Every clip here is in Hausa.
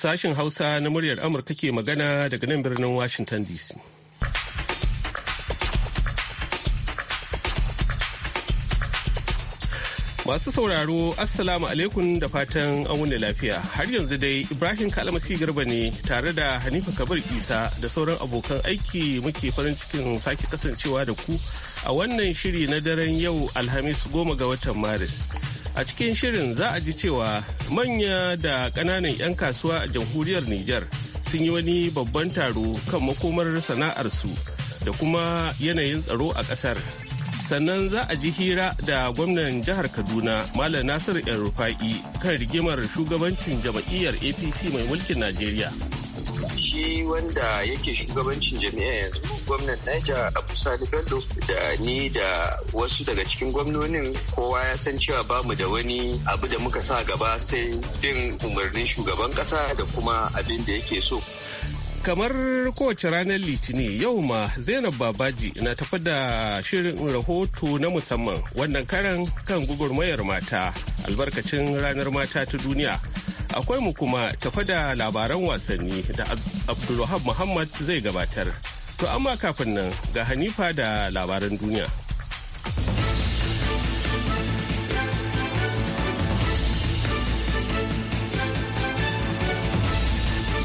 Sashen Hausa na muryar Amurka ke magana daga nan birnin Washington DC. Masu sauraro, Assalamu alaikum da fatan an wuni lafiya. Har yanzu dai Ibrahim Kalmasi Garba ne tare da Hanifa Kabir Isa da sauran abokan aiki muke farin cikin sake kasancewa da ku a wannan shiri na daren yau Alhamis goma ga watan Maris. a cikin shirin za a ji cewa manya da ƙananan 'yan kasuwa a jamhuriyar Nijar sun yi wani babban taro kan makomar sana'arsu da kuma yanayin tsaro a ƙasar. Sannan za a ji hira da gwamnan jihar Kaduna Malam Nasiru El Rufa'i kan rigimar shugabancin jam'iyyar APC mai mulkin Najeriya. shi wanda yake shugabancin jami'a yanzu gwamnan Niger Abu Sani Bello da ni da wasu daga cikin gwamnonin kowa ya san cewa ba mu da wani abu da muka sa gaba sai bin umarnin shugaban kasa da kuma abin da yake so. Kamar kowace ranar Litinin yau ma Zainab Babaji na tafi da shirin rahoto na musamman wannan karan kan gugurmayar mata albarkacin ranar mata ta duniya. akwai mu kuma tafa da labaran wasanni da abdulwahab muhammad zai gabatar to amma kafin nan ga hanifa da labaran duniya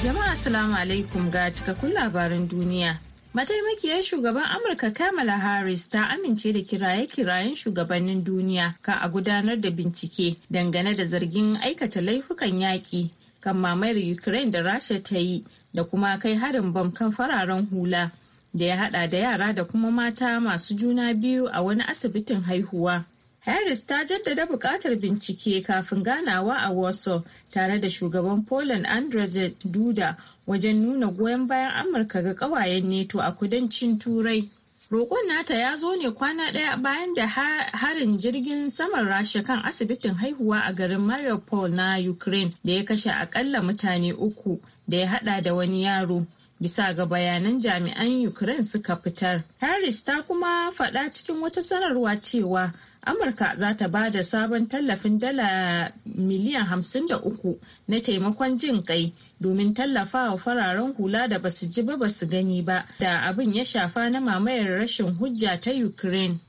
jama'a assalamu alaikum ga cikakkun labaran duniya Mataimakiyar shugaban Amurka Kamala Harris ta amince da kiraye-kirayen shugabannin duniya kan a gudanar da bincike dangane da zargin aikata laifukan yaƙi kan mamayar Ukraine da Rasha ta yi da kuma kai harin bam kan fararen hula da ya haɗa da yara da kuma mata masu juna biyu a wani asibitin haihuwa. Harris ta jaddada buƙatar bincike kafin ganawa a Warsaw tare da shugaban Poland Andrzej Duda wajen nuna goyon bayan Amurka ga ƙawayen NATO a kudancin Turai. Roƙon nata ya zo ne kwana ɗaya bayan da harin jirgin saman Rasha kan asibitin haihuwa a garin Mariupol na Ukraine da ya kashe akalla mutane uku da ya haɗa da wani yaro. Bisa ga bayanan jami'an Ukraine suka fitar. Harris ta kuma faɗa cikin wata sanarwa cewa amurka za ta ba da sabon tallafin dala miliyan 53 na taimakon jin kai domin tallafa wa fararen hula da ba su ji ba su gani ba da abin ya shafa na mamayar rashin hujja ta ukraine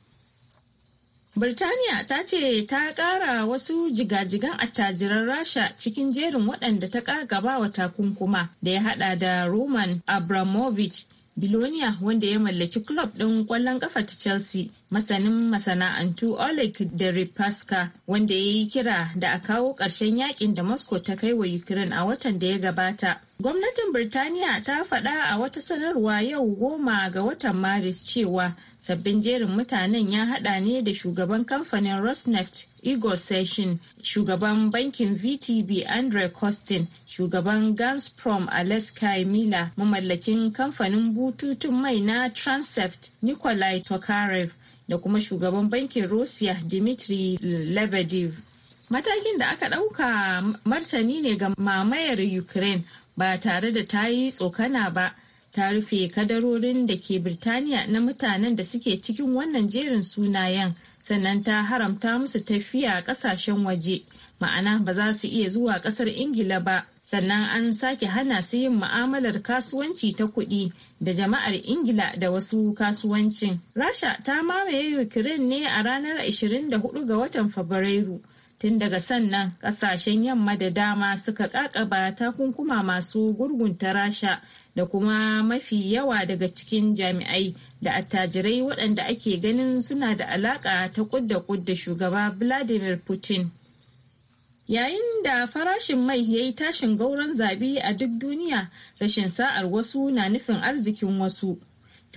Birtaniya ta ce ta ƙara wasu jigajigan attajiran Rasha cikin jerin waɗanda ta ƙagaba wa takunkuma da ya hada da Roman Abramovich Bilonia wanda ya mallaki club ɗin ƙwallon ƙafa ta Chelsea, masanin masana'antu Oleg Deripaska wanda ya yi kira da a kawo ƙarshen yakin da Moscow ta kai wa Ukraine a watan da ya gabata. Gwamnatin Birtaniya ta faɗa a wata sanarwa yau goma ga watan Maris cewa sabbin jerin mutanen ya haɗa ne da shugaban kamfanin Rosneft Igor Session, shugaban bankin VTB Andre Costin, shugaban Gazprom Alaska milla mamallakin kamfanin bututun mai na Transeft Nikolai Tokarev da kuma shugaban bankin Russia Dmitry Lebedev. Matakin da aka ɗauka martani ne ga mamayar Ukraine ba tare da ta yi tsokana ba ta rufe kadarorin da ke birtaniya na mutanen da suke cikin wannan jerin sunayen sannan ta haramta musu tafiya kasashen waje ma'ana ba za su iya zuwa kasar ingila ba sannan an sake hana su yin ma'amalar kasuwanci ta kuɗi da jama'ar ingila da wasu kasuwancin rasha ta mamaye ukraine ne a ranar 24 ga watan fabrairu Tun daga sannan kasashen yamma da dama suka kakaba takunkuma masu gurgunta rasha da kuma mafi yawa daga cikin jami'ai da attajirai waɗanda ake ganin suna da alaƙa ta kudda kudda shugaba Vladimir Putin. Yayin da farashin mai ya yi tashin gauron zabi a duk duniya, rashin sa'ar wasu na nufin arzikin wasu.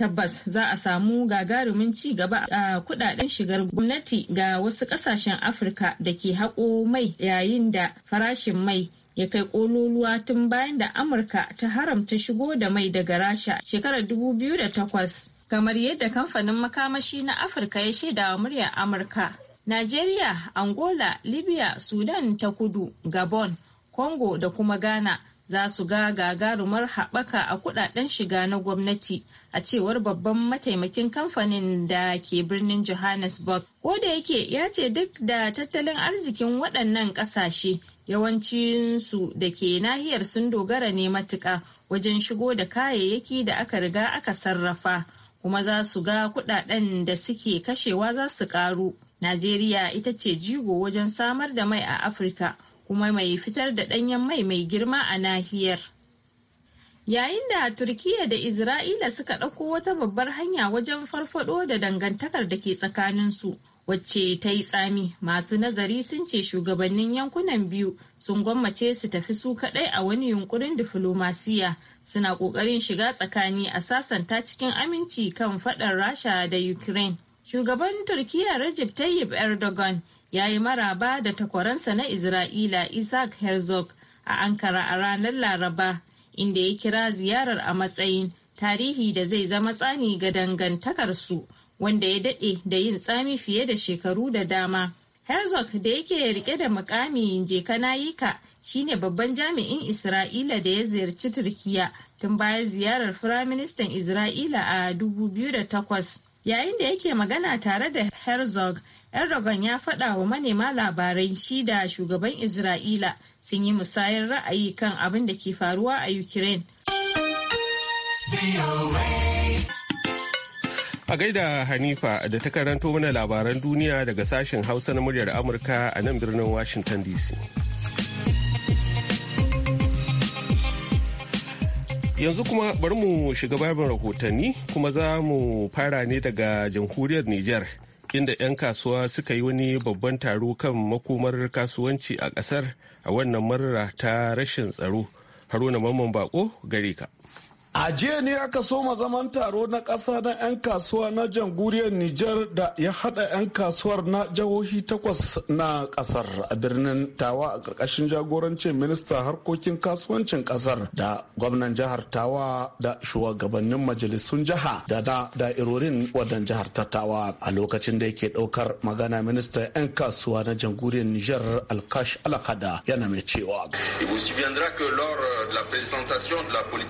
tabbas za a samu gagarumin ci gaba a kudaden shigar gwamnati ga wasu kasashen afirka da ke haƙo mai yayin da farashin mai ya kai ƙololuwa tun bayan da amurka ta haramta shigo da mai daga rasha shekarar 2008 kamar yadda kamfanin makamashi na afirka ya shaida wa muryar amurka najeriya angola libya sudan ta kudu gabon congo da kuma ghana za su ga gagarumar haɓaka a kudaden shiga na gwamnati a cewar babban mataimakin kamfanin da ke birnin johannesburg ko da yake ya ce duk da tattalin arzikin waɗannan ƙasashe yawancinsu da ke nahiyar sun dogara ne matuƙa wajen shigo da kayayyaki da aka riga aka sarrafa kuma za su ga kudaden da suke kashewa za su ƙaru najeriya ita ce jigo wajen samar da mai a afirka kuma mai fitar da ɗanyen mai mai girma a nahiyar. Yayin da Turkiyya da Isra'ila suka ɗauko wata babbar hanya wajen farfaɗo da dangantakar da ke tsakaninsu wacce ta yi tsami masu nazari sun ce shugabannin yankunan biyu sun gwammace su tafi su kaɗai a wani yunkurin diflomasiya suna ƙoƙarin shiga tsakani a sasanta cikin aminci kan faɗar rasha da ukraine shugaban turkiya Recep tayyip erdogan ya yi maraba da takwaransa na Isra'ila Isaac Herzog a Ankara a ranar Laraba, inda ya kira ziyarar a matsayin tarihi da zai zama tsani ga dangantakarsu wanda ya daɗe da yin tsami fiye da shekaru da dama. Herzog da yake rike da mukami je shi shine babban jami'in Isra'ila da ya ziyarci Turkiya tun bayan ziyarar Firaministan Isra'ila a 2008. Yayin da yake magana tare da Herzog Erdogan ya faɗa wa manema labarai shi da shugaban Isra'ila sun yi musayar ra'ayi kan abin da ke faruwa a Ukraine. A gaida Hanifa da ta karanto mana labaran duniya daga sashen Hausa na muryar Amurka a nan birnin Washington DC. Yanzu kuma bari mu shiga babin rahotanni kuma za mu fara ne daga jamhuriyar Nijar. inda 'yan kasuwa suka yi wani babban taro kan makomar kasuwanci a ƙasar a wannan marar ta rashin tsaro haruna mamman bako gare ka A jiya ne aka soma zaman taro na ƙasa na 'yan kasuwa na jamhuriyar Nijar da ya haɗa 'yan kasuwar na jihohi takwas na ƙasar a birnin Tawa a ƙarƙashin jagorancin minista harkokin kasuwancin ƙasar da gwamnan jihar Tawa da shugabannin majalisun jiha da na da'irorin wannan jihar ta Tawa. A lokacin da yake ɗaukar magana minista 'yan kasuwa na jamhuriyar Nijar Alkash Alakada yana mai cewa. la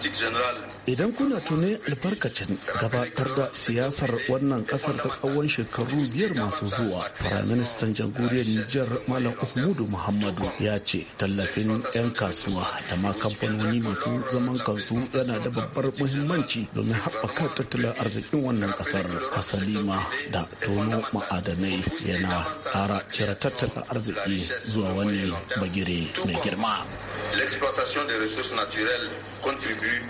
de idan kuna tuni albarkacin gabatar da siyasar wannan kasar ta tsawon shekaru biyar masu zuwa firaministan jamhuriyar nijar malam Ahmadu muhammadu ya ce tallafin 'yan kasuwa da ma kamfanoni masu zaman kansu yana da babbar muhimmanci domin haɓaka tattalin arzikin wannan kasar hasalima da tono ma'adanai yana ƙara cire tattalin arziki zuwa wani bagire mai girma. L'exploitation des ressources naturelles contribue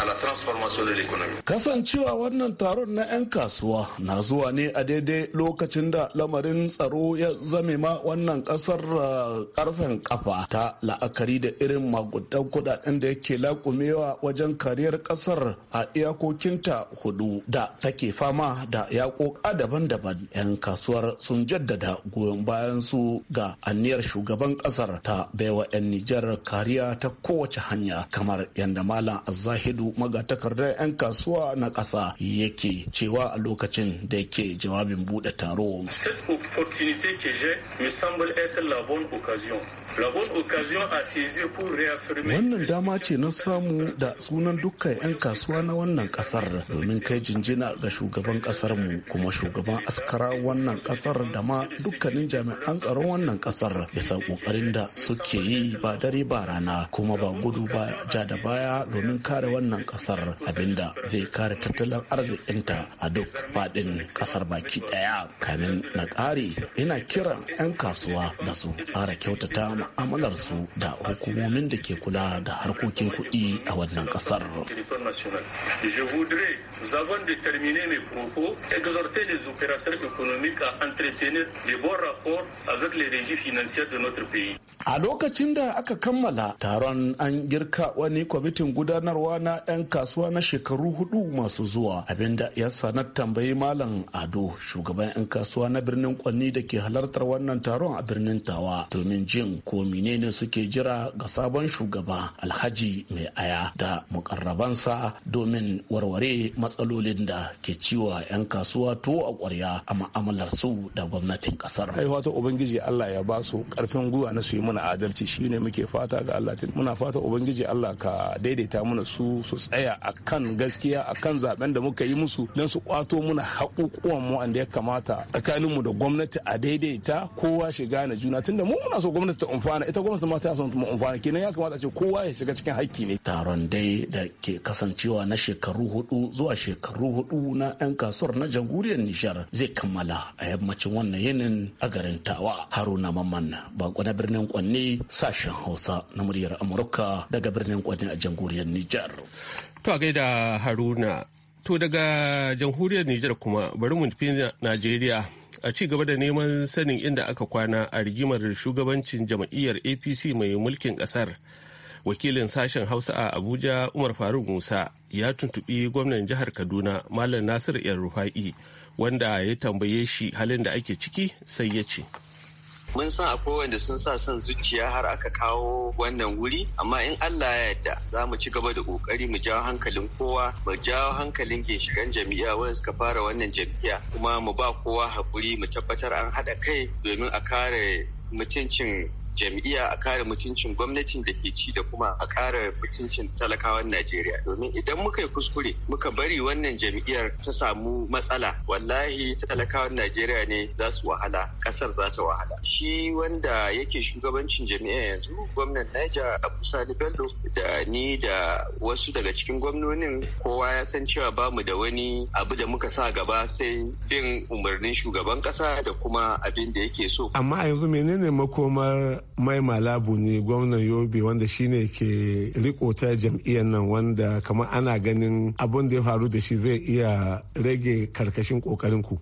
à la transformation de l'économie. Kasancewa wannan taron na 'yan kasuwa na zuwa ne a daidai lokacin da lamarin tsaro ya zame ma wannan kasar karfen uh, kafa ta la'akari da irin magudan kudaden da yake lakumewa wajen kariyar kasar a iyakokinta hudu da take fama da yakoka daban-daban 'yan kasuwar sun jaddada goyon bayan su ga aniyar shugaban kasar ta baiwa 'yan Nijar kariya ta kowace hanya kamar yadda Malam Azahidu Aliyu magatakarda 'yan kasuwa na ƙasa yake cewa a lokacin da yake jawabin buɗe taro. Wannan dama ce na samu da sunan dukkan 'yan kasuwa na wannan ƙasar domin kai jinjina ga shugaban mu. kuma shugaban askara wannan ƙasar da ma dukkanin jami'an tsaron wannan ƙasar bisa ƙoƙarin da suke yi ba dare ba rana kuma ba gudu ba ja da baya domin kare wannan sauran kasar abinda zai kare tattalin arzikinta a duk fadin kasar baki ɗaya kamin na ƙare ina kiran 'yan kasuwa da su ƙara kyautata ma'amalar su da hukumomin da ke kula da harkokin kuɗi a wannan kasar. Je de propos, exhorter les opérateurs économiques à entretenir les bons rapports avec les régies financières de notre pays. A lokacin da aka kammala taron an girka wani kwamitin gudanarwa na 'yan kasuwa na shekaru hudu masu zuwa abinda ya sanar tambayi Malam Ado shugaban 'yan kasuwa na birnin Kwanni da ke halartar wannan taron a birnin Tawa domin jin ko ne suke jira ga sabon shugaba Alhaji Mai Aya da mukarrabansa domin warware matsalolin da ke ciwa 'yan kasuwa to a kwarya a ma'amalarsu da gwamnatin kasar. Ai wato Ubangiji Allah ya ba su karfin gwiwa na su yi muna adalci shi ne muke fata ga Allah muna fata ubangiji Allah ka daidaita mana su su tsaya akan gaskiya a kan zaben da muka yi musu don su kwato muna hakukuwan mu da ya kamata tsakanin mu da gwamnati a daidaita kowa shiga na juna tunda mu muna so gwamnati ta umfana ita gwamnati ma ta son mu umfana kenan ya kamata a ce kowa ya shiga cikin haƙƙi ne taron dai da ke kasancewa na shekaru hudu zuwa shekaru hudu na 'yan kasuwar na jamhuriyar Nijar zai kammala a yammacin wannan yinin a garin Tawa Haruna Mamman ba na birnin kwanne sashen hausa na muryar amurka daga birnin kwani a jamhuriyar nijar to a gaida haruna to daga jamhuriyar nijar kuma bari mu tafi najeriya a ci gaba da neman sanin inda aka kwana a rigimar shugabancin jam'iyyar apc mai mulkin kasar wakilin sashen hausa a abuja umar faruk musa ya tuntubi gwamnan jihar kaduna malam Nasiru yan rufa'i wanda ya tambaye shi halin da ake ciki sai ya ce mun san akwai wanda sun sa son zuciya har aka kawo wannan wuri amma in Allah ya yarda za mu ci gaba da kokari mu jawo hankalin kowa mu jawo hankalin ginshikan jami'a wanda suka fara wannan jami'a kuma mu ba kowa hakuri mu tabbatar an haɗa kai domin a kare mutuncin jam'iyya a kare mutuncin gwamnatin da ke ci da kuma a kare mutuncin talakawan Najeriya domin idan muka yi kuskure muka bari wannan jam'iyyar ta samu matsala wallahi talakawan Najeriya ne za su wahala ƙasar za ta wahala shi wanda yake shugabancin jam'iyyar yanzu gwamnan Niger Abu Sani Bello da ni da wasu daga cikin gwamnonin kowa ya san cewa ba mu da wani abu da muka sa gaba sai bin umarnin shugaban ƙasa da kuma abin da yake so amma a yanzu menene makomar mai malabu ne gwamnan yobe wanda shine ke riko ta jam'iyyar nan wanda kamar ana ganin abin da ya faru da shi zai iya rage karkashin kokarin ku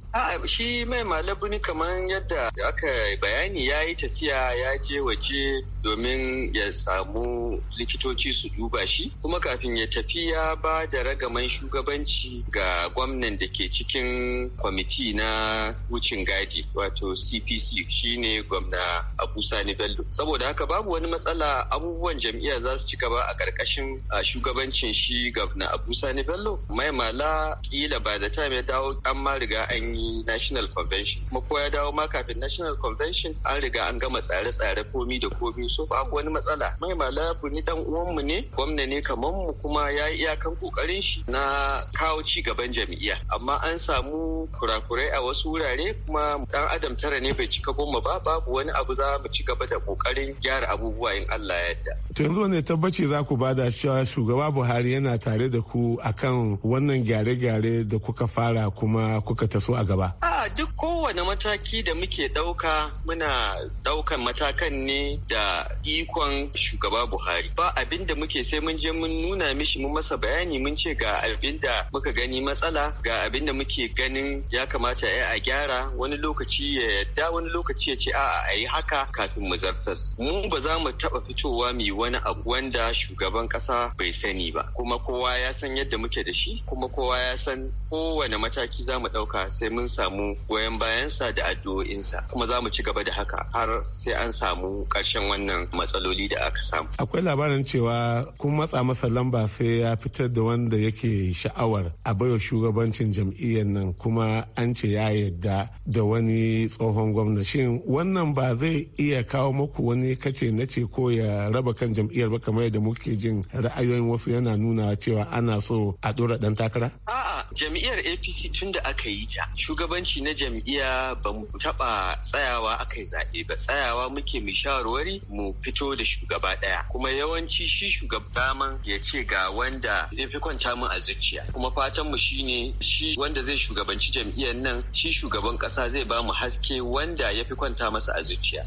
shi mai malabu ne kamar yadda aka bayani ya yi tafiya ya je waje domin ya samu likitoci su duba shi kuma kafin ya tafi ya ba da ragaman shugabanci ga gwamnan da ke cikin kwamiti na wucin gadi wato cpc shine gwamna abu sani bello saboda haka babu wani matsala abubuwan jam'iyya za su ci gaba a ƙarƙashin shugabancin shi gabna abu sani bello mai mala kila ba da time ya dawo an ma riga an yi national convention kuma ko ya dawo ma kafin national convention an riga an gama tsare-tsare komi da komi so babu wani matsala mai mala ni dan uwanmu ne gwamna ne kamar mu kuma ya yi iyakan kokarin shi na kawo ci gaban jam'iyya amma an samu kurakurai a wasu wurare kuma dan adam tara ne bai cika goma ba babu wani abu za mu ci gaba da kokarin gyara abubuwa in Allah ya yarda. To yanzu wani tabbaci za ku bada cewa shugaba Buhari yana tare da ku akan wannan gyare-gyare da kuka fara kuma kuka taso a gaba. A duk kowane mataki da muke ɗauka muna ɗaukan matakan ne da ikon shugaba Buhari. Ba abin da muke sai mun je mun nuna mishi mun masa bayani mun ce ga abin da muka gani matsala ga abin da muke ganin ya kamata a gyara wani lokaci ya yadda wani lokaci ya ce a'a ayi haka kafin mu zara. breakfast mu ba za mu taɓa fitowa mu wani abu wanda shugaban ƙasa bai sani ba kuma kowa ya san yadda muke da shi kuma kowa ya san kowane mataki za mu ɗauka sai mun samu goyon bayansa da addu'o'insa kuma za mu ci gaba da haka har sai an samu ƙarshen wannan matsaloli da aka samu. Akwai labarin cewa kun matsa masa lamba sai ya fitar da wanda yake sha'awar a baiwa shugabancin jam'iyyar nan kuma an ce ya yadda da wani tsohon gwamna shin wannan ba zai iya kawo ku wani kace na ce ko ya raba kan jam'iyyar ba kamar yadda muke jin ra'ayoyin wasu yana nuna cewa ana so a dora dan takara? A'a jam'iyyar APC tun da aka yi ta shugabanci na jam'iyya ba mu taɓa tsayawa aka yi zaɓe ba tsayawa muke mu shawarwari mu fito da shugaba ɗaya kuma yawanci shi shugaba man ya ce ga wanda ya fi kwanta mu a zuciya kuma fatan mu shine shi wanda zai shugabanci jam'iyyar nan shi shugaban ƙasa zai ba mu haske wanda ya fi kwanta masa a zuciya.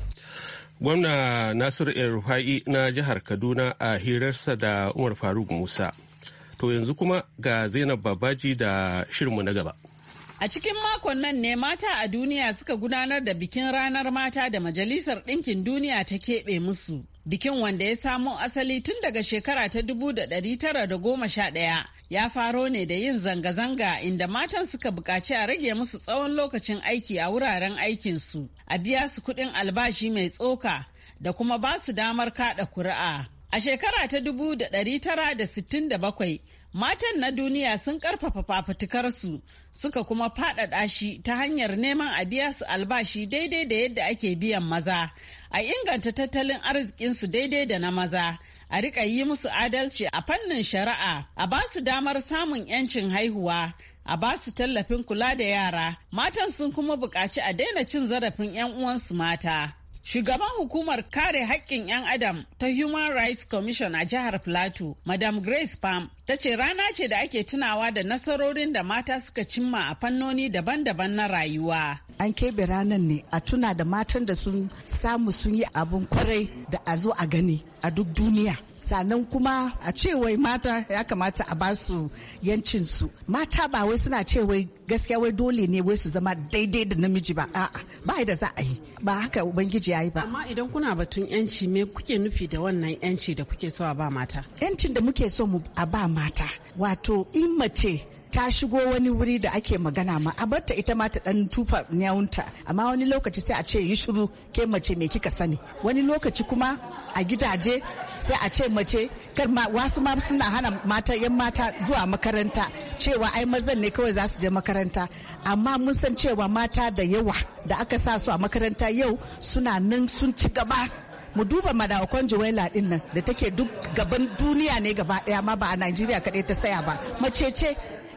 gwamna nasiru el na jihar kaduna a hirarsa da umar faruk musa to yanzu kuma ga zainab babaji da shirinmu na gaba A cikin makon nan ne mata a duniya suka gudanar da bikin ranar mata da Majalisar Ɗinkin Duniya ta keɓe musu. Bikin wanda ya samo asali tun daga shekara ta 1911 ya faro ne da yin zanga-zanga inda matan suka buƙaci a rage musu tsawon lokacin aiki a wuraren aikinsu a biya su kuɗin albashi mai tsoka da kuma ba su damar kaɗa kuri'a. A shekara ta 1967 matan na duniya sun ƙarfafa fafutukarsu suka kuma faɗaɗa shi ta hanyar neman a biya su albashi daidai da yadda ake biyan maza a inganta tattalin arzikinsu daidai da na maza. a riƙa yi musu adalci a fannin shari'a a ba su damar samun 'yancin haihuwa a ba su tallafin kula da yara matan sun kuma buƙaci a daina cin zarafin 'yan uwansu mata Shugaban hukumar kare haƙƙin 'yan Adam ta Human Rights Commission a jihar Plateau, Madam Grace Pam, ta ce rana ce da ake tunawa da nasarorin da mata suka cimma a fannoni daban-daban na rayuwa. An keɓe ranar ne a tuna da matan da sun samu sun yi abin kwarai da a zo a gani a duk duniya. sannan kuma a cewai mata ya kamata a basu yancinsu mata ba wai suna cewai gaskiya wai dole ne wai su zama daidai da namiji ba a'a ba da za a yi ba haka ubangiji ya yi ba amma idan kuna batun yanci me kuke nufi da wannan yanci da kuke so a ba mata yancin da muke so mu a ba mata wato in mace ta shigo wani wuri da ake magana ma a barta ita ma ta dan tufa nyawunta amma wani lokaci sai a ce yi shiru ke mace me kika sani wani lokaci kuma a gidaje sai a ce mace kar ma wasu ma suna hana mata yan mata zuwa makaranta cewa ai mazan ne kawai za su je makaranta amma mun san cewa mata da yawa da aka sa su a makaranta yau suna nan sun ci gaba mu duba madawa juwaila din nan da take duk gaban duniya ne gaba daya ma ba a najeriya kaɗai ta saya ba mace ce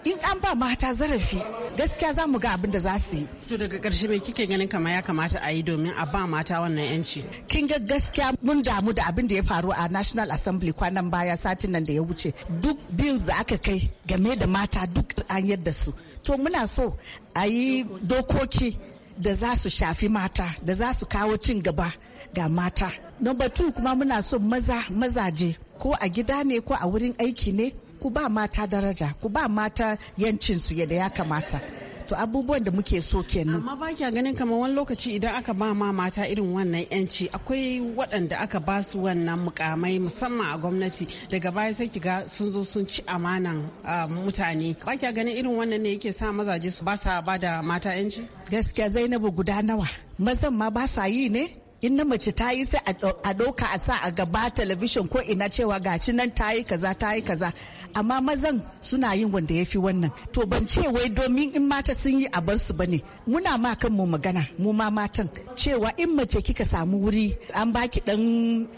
in an ba mata zarafi gaskiya za mu ga abin da za su yi to daga karshe bai kike ganin kama ya kamata a yi domin a ba mata wannan yanci kin ga gaskiya mun damu da abin da ya faru a national assembly kwanan baya satin nan da ya wuce duk bills da aka kai game da mata duk an yadda su to muna so a yi dokoki da za su shafi mata da za su kawo cin gaba ga mata number two kuma muna so maza mazaje ko a gida ne ko a wurin aiki ne ku ba mata daraja ku ba mata yancin su yadda ya kamata to abubuwan da muke so kenan amma ba kya ganin kamar wani lokaci idan aka ba ma mata irin wannan yanci akwai waɗanda aka ba su wannan mukamai musamman a gwamnati daga baya sai ki ga sun zo sun ci amanan ah, mutane ba kya ganin irin wannan ne yake sa mazaje su ba sa ba da mata yanci gaskiya zainabu guda nawa mazan ma ba sa yi ne in na mace ta yi sai a ɗauka a sa a gaba talabishin ko ina cewa gaci nan ta yi kaza ta yi kaza amma mazan suna yin wanda ya fi wannan to ban ce wai domin in mata sun yi a su ba ne muna ma kanmu magana mu ma matan cewa in mace kika samu wuri an baki dan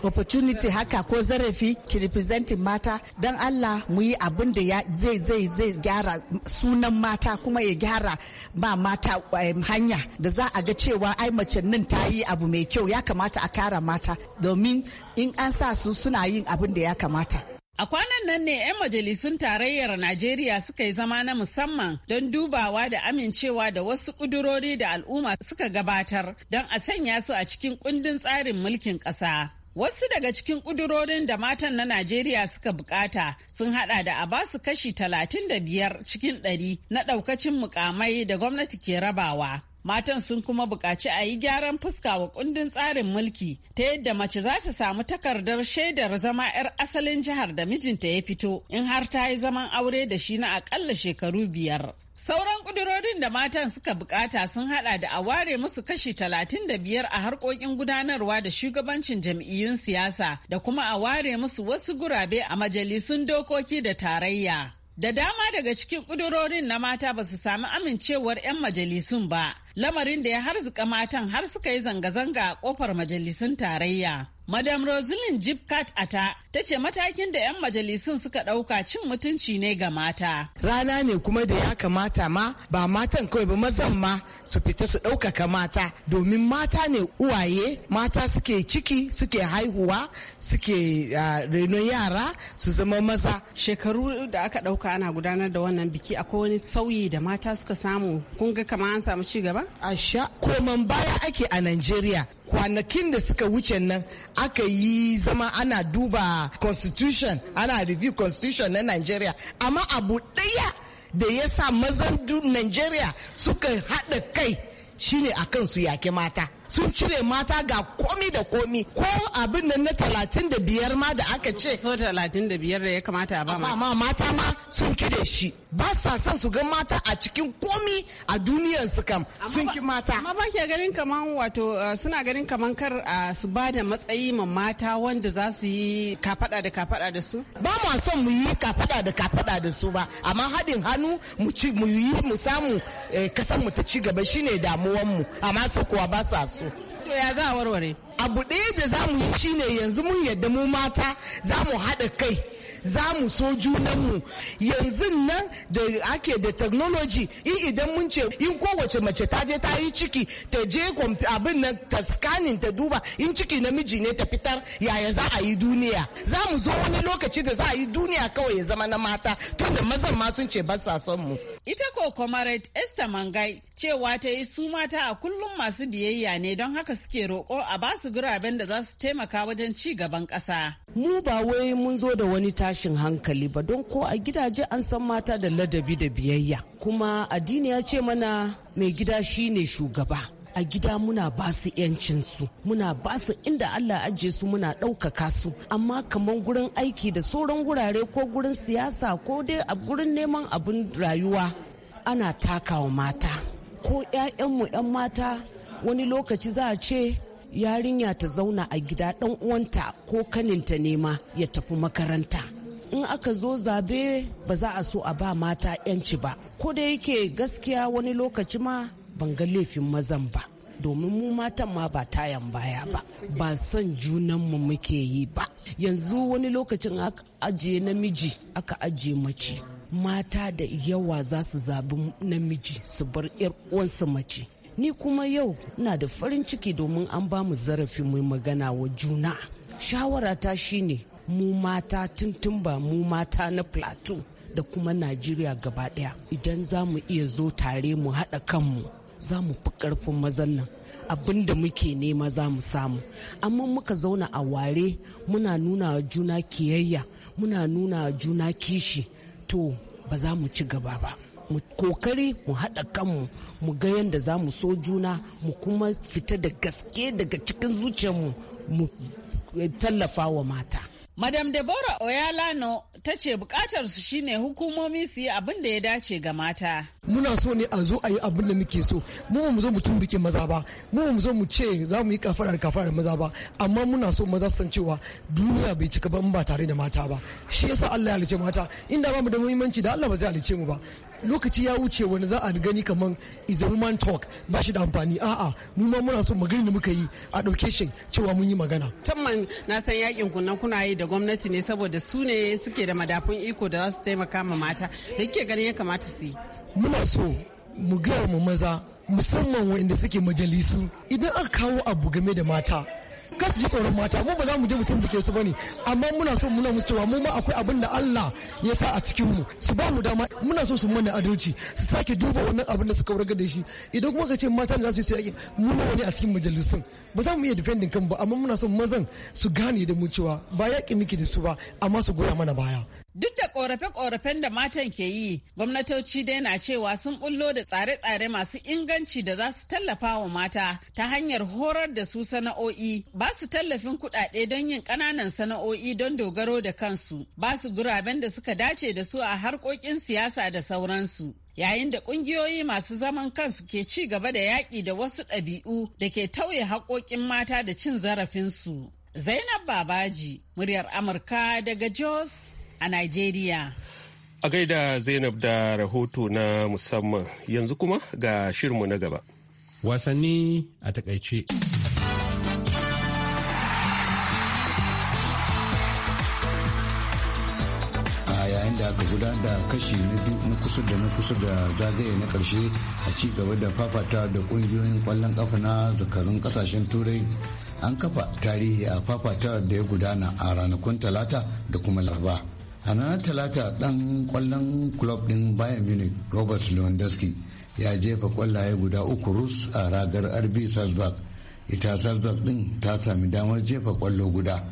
opportunity haka ko zarafi ki representing mata dan Allah mu yi abin da zai zai zai gyara sunan mata kuma ya gyara ba mata hanya da za a ga cewa ai mace nan ta yi abu mai kyau ya kamata a kara mata domin in an sa su suna yin abin da ya kamata A kwanan nan ne 'yan majalisun tarayyar Najeriya suka yi zama na musamman don dubawa da amincewa da wasu ƙudurori da al'umma suka gabatar don a sanya su a cikin kundin tsarin mulkin ƙasa. Wasu daga cikin ƙudurorin da matan na Najeriya suka bukata sun hada da a basu kashi 35 cikin 100 na ɗaukacin mukamai da gwamnati ke rabawa. Matan sun kuma buƙaci a yi gyaran fuska wa kundin tsarin mulki ta yadda mace za ta samu takardar shaidar zama 'yar asalin jihar da mijinta ya fito in har ta yi zaman aure da shi na akalla shekaru biyar. Sauran kudurorin da matan suka bukata sun hada da a ware musu kashi talatin da biyar a harkokin gudanarwa da shugabancin jam'iyyun siyasa da kuma a ware musu wasu gurabe a majalisun dokoki da tarayya. Da dama daga cikin kudurorin na mata ba su sami amincewar 'yan majalisun ba. lamarin da ya harzika matan har suka yi zanga-zanga a kofar majalisun tarayya. Madam Rosalyn Jibkat Ata ta ce matakin da 'yan majalisun suka ɗauka cin mutunci ne ga mata. Rana ne kuma da ya kamata ma ba matan kawai ba mazan ma su fita su ɗaukaka mata domin mata ne uwaye mata suke ciki suke haihuwa suke uh, renon yara su zama maza. Shekaru da aka ɗauka ana gudanar da wannan biki akwai wani sauyi da mata suka samu kun ga kamar an samu ci gaba? Asha. Koman baya ake a Najeriya. Kwanakin da suka wuce nan aka yi zama ana duba constitution, ana review constitution na Najeriya. Amma abu ɗaya da ya sa mazan Najeriya suka haɗa kai shine akan su yake mata. sun cire mata ga komi da komi ko abin nan na talatin da biyar ma da aka ce so talatin da biyar da ya kamata a ba ma ma mata ma sun kide shi ba sa son su ga mata a cikin komi a duniyar su kam sun ki mata amma ba ke ganin kaman wato uh, suna ganin kaman kar uh, su ba da matsayi ma mata wanda za su yi kafada da kafada da su ba ma son mu yi kafada da kafada da su ba amma hadin hannu mu ci mu yi mu samu eh, kasan mu ta ci gaba shine damuwan mu amma su kuwa ba sa so ya za a warware abu ɗaya da za mu yi shine yanzu mun yadda mu mata za mu haɗa kai za mu so junanmu yanzu nan da ake da technology in idan mun ce in kowace mace ta je ta yi ciki ta je abin nan ta scanning ta duba in ciki namiji ne ta fitar yaya za a yi duniya za mu zo wani lokaci da za a yi duniya kawai ya zama na mata tunda mazan ma sun ce ba sa son mu ita ko comrade esther mangai cewa ta yi su mata a kullum masu biyayya ne don haka suke roƙo a basu guraben da za su taimaka wajen ci gaban ƙasa mu ba wai mun zo da wani tashin hankali ba don ko a gidaje an san mata da ladabi da biyayya kuma addini ya ce mana mai gida shine shugaba a gida muna ba su su muna ba su inda Allah ajiye su muna ɗaukaka su amma kamar gurin aiki da sauran wurare ko gurin siyasa ko dai a gurin neman abin rayuwa ana takawa mata ko 'ya'yanmu 'yan mata wani lokaci za a ce yarinya ta zauna a gida ɗan uwanta ko kaninta ta nema ya tafi makaranta in aka zo zabe ba za a so a ba mata 'yanci ba ko da yake gaskiya wani lokaci ma ban ga laifin mazan ba domin mu matan ma ba tayan baya ba ba son junanmu muke yi ba yanzu wani lokacin aka ajiye namiji aka ajiye mace mata da yawa za su zabi namiji su bar 'yar uwansu mace ni kuma yau ina da farin ciki domin an ba mu zarafi mai magana wa juna shawara ta shine mu mata tuntun ba mu mata na plateau da kuma najeriya gaba daya idan za mu iya zo tare mu haɗa kanmu za mu fi ƙarfin mazan nan abin da muke nema za mu samu amma muka zauna a ware muna nuna juna kiyayya muna nuna juna kishi to ba za mu ci gaba ba mu kokari mu haɗa kanmu mu ga yadda za mu so juna mu kuma fita da gaske daga cikin zuciyarmu mu tallafa wa mata madam deborah oyalano ta ce bukatar su shine hukumomi su yi abin da ya dace ga mata muna so ne a zo a yi abin da muke so mu ba mu zo mu tumbuke maza ba mu ba mu zo mu ce za mu yi kafara da kafara maza ba amma muna so maza san cewa duniya bai cika ba ba tare da mata ba shi yasa Allah ya halice mata inda ba mu da muhimmanci da Allah ba zai halice mu ba lokaci ya wuce wani za a gani kaman is a woman talk ba shi da amfani a'a mu ma muna so magana da muka yi a dauke shi cewa mun yi magana tamman na san yakin kunna kuna yi da gwamnati ne saboda su ne suke da madafun iko da za su taimaka ma mata da kike ganin ya kamata su yi muna so mu gaya mu maza musamman wanda suke majalisu idan aka kawo abu game da mata kas su ji tsoron mata mu ba za mu je mutum buke su bane amma muna so muna musu cewa mu ma akwai abin da Allah ya sa a cikin mu su ba mu dama muna so su mana adalci su sake duba wannan abin da suka wurga da shi idan kuma ka ce mata za su yi su mu na wani a cikin majalisun ba za mu iya defending kan ba amma muna so mazan su gane da mu cewa ba yaƙi miki da su ba amma su goya mana baya Duk da ƙorafe korafen da matan ke yi, gwamnatoci dai na cewa sun bullo da tsare-tsare masu inganci da za su tallafa wa mata ta hanyar horar da su sana'o'i, ba su tallafin kuɗaɗe don yin ƙananan sana'o'i don dogaro da kansu, ba su guraben da suka dace da su a harkokin siyasa da sauransu. yayin da ƙungiyoyi masu zaman kansu ke ci gaba da yaƙi da wasu ɗabi'u da ke tauye haƙoƙin mata da cin zarafinsu. Zainab Babaji, muryar Amurka daga Jos a Najeriya. A gaida Zainab da rahoto na musamman yanzu kuma ga shirinmu na gaba. Wasanni a takaice. da aka gudanar da kashi na kusa da na kusa da zagaye na karshe a ci gaba da fafata da kungiyoyin kwallon kafa na zakarun kasashen turai an kafa tarihi a fafata da ya gudana a ranakun talata da kuma laraba a ranar talata dan kwallon club din bayern munich robert lewandowski ya jefa kwallaye guda uku rus a ragar rb salzburg ita salzburg din ta sami damar jefa kwallo guda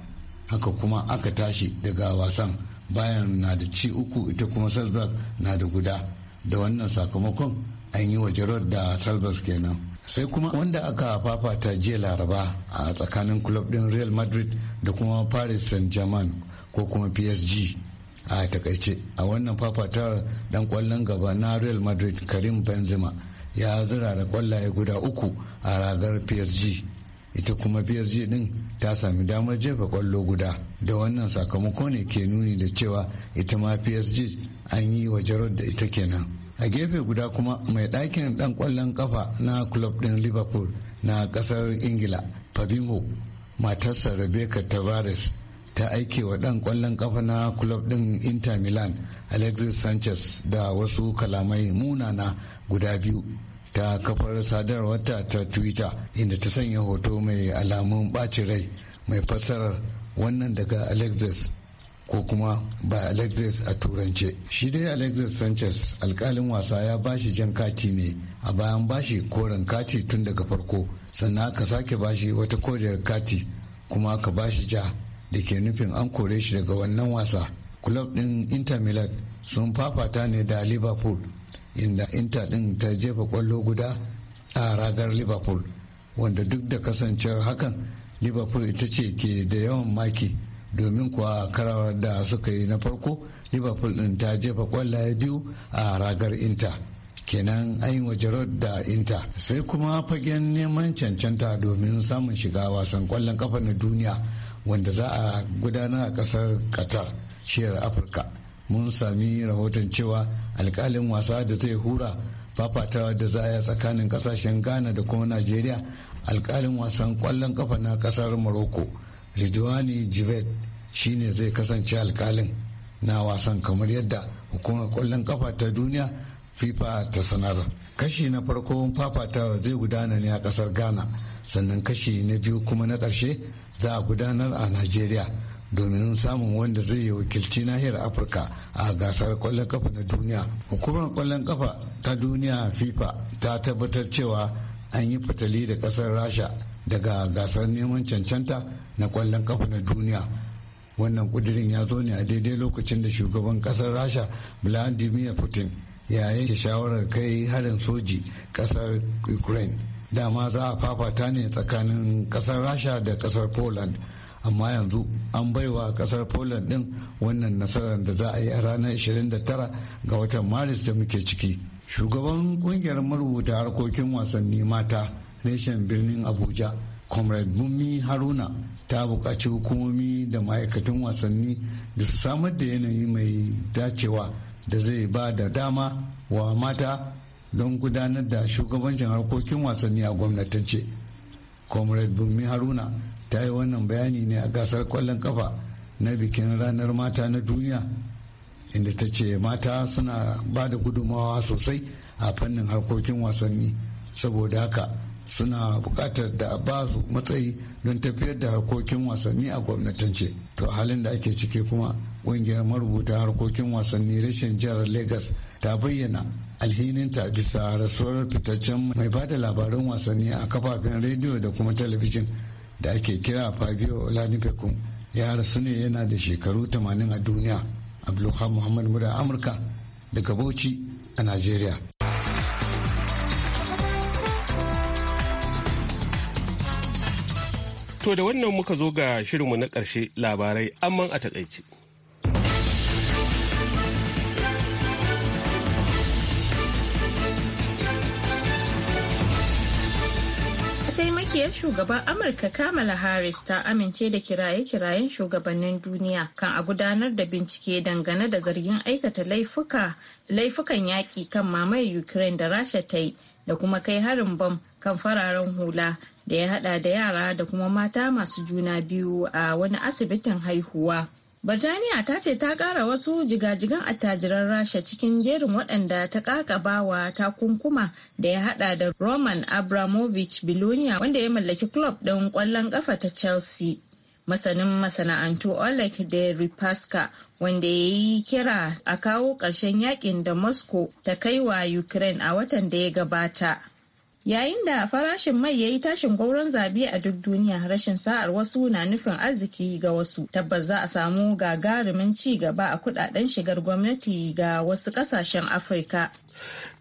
haka kuma aka tashi daga wasan bayan na da ci uku ita kuma salzburg na da guda da wannan sakamakon an yi wa rod da salzburg kenan sai kuma wanda aka fafata jiya laraba a tsakanin club din real madrid da kuma paris saint-germain ko kuma psg a takaice a wannan fafatar dan kwallon gaba na real madrid karim benzema ya zira da kwallaye guda uku a ragar psg ita kuma psg din ta sami damar jefa kwallo guda da wannan sakamako ne ke nuni da cewa ita ma psg an yi wa jarod da ita kenan a gefe guda kuma mai ɗakin dan kwallon kafa na club din liverpool na ƙasar ingila fabinho matarsa rebecca tavares ta aike wa ɗan ƙwallon ƙafa na kulob ɗin inter milan alexis sanchez da wasu kalamai munana guda biyu ta kafar sadarwarta ta twitter inda ta sanya hoto mai alamun ɓacin rai mai fassarar wannan daga alexis ko kuma ba alexis a turance shi dai alexis sanchez alkalin wasa ya bashi jan kati ne a bayan bashi koren kati tun daga farko sannan ka sake bashi wata koriyar kati kuma ka bashi ja da ke nufin an kore shi daga wannan wasa club din inter milan sun fafata ne da liverpool inda inter din ta jefa kwallo guda a ragar liverpool wanda duk da kasancewar hakan liverpool ita ce ke da yawan maki domin kuwa karawar da suka yi na farko liverpool din ta jefa kwallaye biyu a ragar inter kenan waje rod da inter sai kuma fagen neman cancanta domin samun shiga wasan kwallon kafa na duniya wanda za a gudana a kasar qatar shiyar afirka mun sami rahoton cewa alkalin wasa da zai hura fafatawa da za a yi tsakanin kasashen ghana da kuma najeriya alkalin wasan kwallon kafa na kasar morocco ridwani jivet shine zai kasance alkalin na wasan kamar yadda hukumar kwallon kafa ta duniya fifa ta sanar kashi na farkon fafatawa zai gudana ne a kasar ghana sannan kashi na biyu kuma na ƙarshe za a gudanar a najeriya domin samun wanda zai yi wakilci nahiyar afirka a gasar kwallon kafa na duniya hukumar kwallon kafa ta duniya fifa ta tabbatar cewa an yi fatali da ƙasar rasha daga gasar neman cancanta na kwallon kafa na duniya wannan kudirin ya zo ne a daidai lokacin da shugaban ƙasar rasha vladimir putin ya yanke shawarar kai harin soji ƙasar ukraine dama za a fafata ne tsakanin kasar rasha da kasar poland amma yanzu an baiwa kasar poland din wannan nasarar da za a yi a ranar 29 ga watan maris da muke ciki shugaban kungiyar marubuta harkokin wasanni mata nation birnin abuja comrade bumi haruna ta buƙaci hukumomi da ma'aikatan wasanni da su samar da yanayi mai dacewa da zai ba da dama wa mata don gudanar da shugabancin harkokin wasanni a gwamnatance comrade bumi haruna ta yi wannan bayani ne a gasar kwallon kafa na bikin ranar mata na duniya inda ta ce mata suna ba da gudummawa sosai a fannin harkokin wasanni saboda haka suna bukatar da ba su matsayi don tafiyar da harkokin wasanni a gwamnatance to halin da ake ciki kuma ƙungiyar marubuta harkokin wasanni rashin jihar lagos ta bayyana alhininta bisa rasuwar fitaccen mai ba da labaran wasanni a kafafen rediyo da kuma talabijin da ake kira fabio Lanifekun ya rasu ne yana da shekaru 80 a duniya abdulhamid muhammad muda amurka daga bauchi a nigeria to da wannan muka zo ga shirinmu na ƙarshe labarai amman a takaice. Mataimakiyar shugaban Amurka Kamala Harris ta amince da kiraye-kirayen shugabannin duniya kan a gudanar da bincike dangane da zargin aikata laifukan yaƙi kan mamayar Ukraine da Rasha ta yi da kuma kai harin bom kan fararen hula da ya hada da yara da kuma mata masu juna biyu a wani asibitin haihuwa. Birtaniya ta ce ta ƙara wasu jigajigan attajiran Rasha cikin jerin waɗanda ta ƙaƙabawa takunkuma da ya haɗa da Roman Abramovich Bilonia wanda ya mallaki club ɗin ƙwallon ƙafa ta Chelsea. Masanin masana'antu Oleg de Ripaska wanda ya yi kira a kawo ƙarshen yakin da Moscow ta kai wa Ukraine a watan da ya gabata. Yayin da farashin mai ya yi tashin gwauron zabi a duk duniya rashin sa'ar wasu na nufin arziki ga wasu. Tabbas za a samu gagarumin ci gaba a kudaden shigar gwamnati ga wasu kasashen Afirka.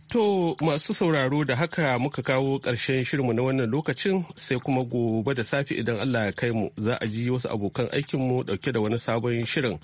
To masu sauraro da haka muka kawo ƙarshen shirinmu na wannan lokacin sai kuma gobe da safe idan Allah ya kai mu za a ji wasu abokan aikinmu ɗauke da wani sabon shirin.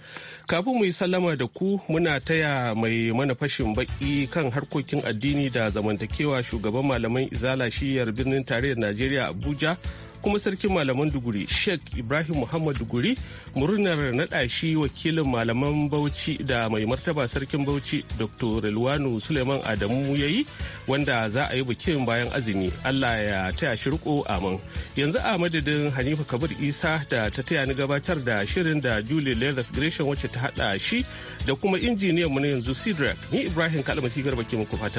Kafin mu yi sallama da ku muna taya mai mana fashin baki kan harkokin addini da zamantakewa shugaban malaman izala shiyar birnin tarayyar Najeriya Abuja kuma sarkin malaman duguri sheikh ibrahim muhammad duguri murnar naɗa shi wakilin malaman bauchi da mai martaba sarkin bauchi dr rilwanu suleiman adamu ya yi wanda za a yi bikin bayan azumi allah ya taya shi riko amin yanzu a madadin hanifa kabir isa da ta taya ni gabatar da shirin da julie leathers gresham wacce ta haɗa shi da kuma injiniyan mu na yanzu sidrak ni ibrahim kalamasi garba ke muku fatan